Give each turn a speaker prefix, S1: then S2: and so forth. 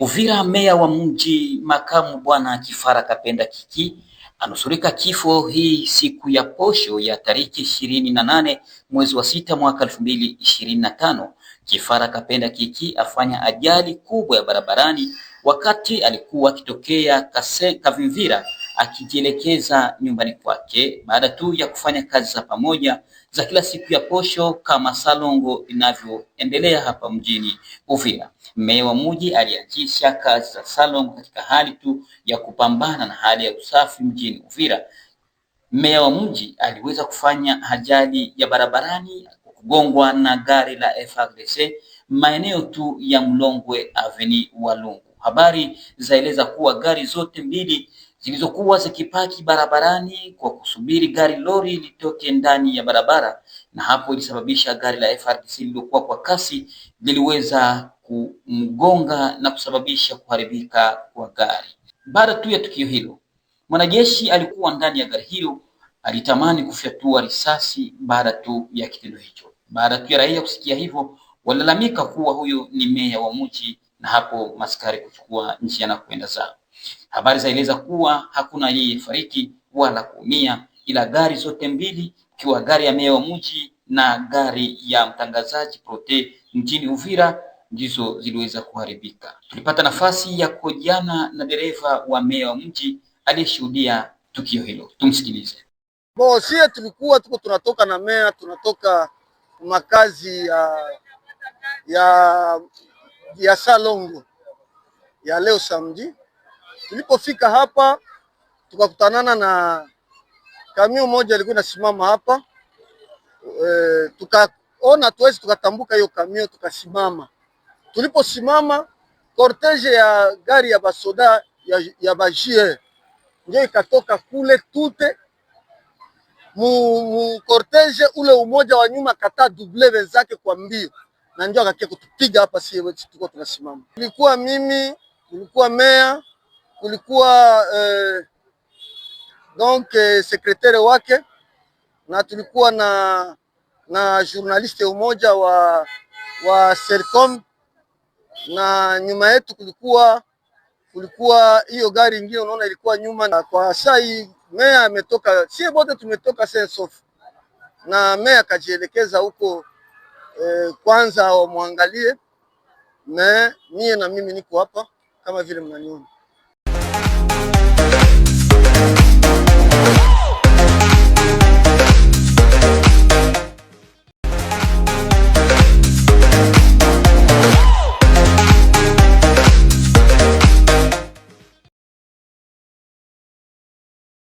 S1: Uvira meya wa mji makamu bwana Kifara Kapenda Kiki anusurika kifo hii siku ya posho ya tariki ishirini na nane mwezi wa sita mwaka elfu mbili ishirini na tano. Kifara Kapenda Kiki afanya ajali kubwa ya barabarani wakati alikuwa akitokea Kavimvira akijielekeza nyumbani kwake baada tu ya kufanya kazi za pamoja za kila siku ya posho kama salongo inavyoendelea hapa mjini Uvira. Meya wa mji alianzisha kazi za salongo katika hali tu ya kupambana na hali ya usafi mjini Uvira. Meya wa mji aliweza kufanya ajali ya barabarani kugongwa na gari la FARDC maeneo tu ya Mlongwe Avenue Walungu. Habari zaeleza kuwa gari zote mbili zilizokuwa zikipaki barabarani kwa kusubiri gari lori litoke ndani ya barabara, na hapo ilisababisha gari la FRDC lililokuwa kwa kasi liliweza kumgonga na kusababisha kuharibika kwa gari. Baada tu ya tukio hilo, mwanajeshi alikuwa ndani ya gari hilo alitamani kufyatua risasi baada tu ya kitendo hicho. Baada tu ya raia kusikia hivyo, walalamika kuwa huyo ni meya wa mji, na hapo maskari kuchukua na kwenda zao. Habari zaeleza kuwa hakuna aliyefariki wala kuumia, ila gari zote mbili, ikiwa gari ya meya wa mji na gari ya mtangazaji
S2: Prote mjini Uvira ndizo ziliweza kuharibika. Tulipata nafasi ya kuhojiana na dereva wa meya wa mji aliyeshuhudia tukio hilo, tumsikilize. Bo, sie tulikuwa tuko tunatoka na meya, tunatoka makazi ya ya ya Salongo ya leo samji Tulipofika hapa tukakutanana na kamio moja ilikuwa inasimama hapa e, tukaona tuwezi tukatambuka hiyo kamio, tukasimama. Tuliposimama, korteje ya gari ya basoda ya, ya bajie ndio ikatoka kule tute mu korteje ule umoja wa nyuma kata double wenzake kwa mbio, na ndio akakia kutupiga hapa. Si tuko tunasimama, Nilikuwa mimi, nilikuwa meya kulikuwa eh, donc eh, sekretari wake na tulikuwa na na journaliste umoja wa wa Sercom na nyuma yetu kulikuwa kulikuwa hiyo gari ingine, unaona ilikuwa nyuma. Na kwa sai mea meya ametoka, sie bote tumetoka Sensof na meya akajielekeza huko eh, kwanza wamwangalie. Me mie na mimi niko hapa kama vile mnaniona.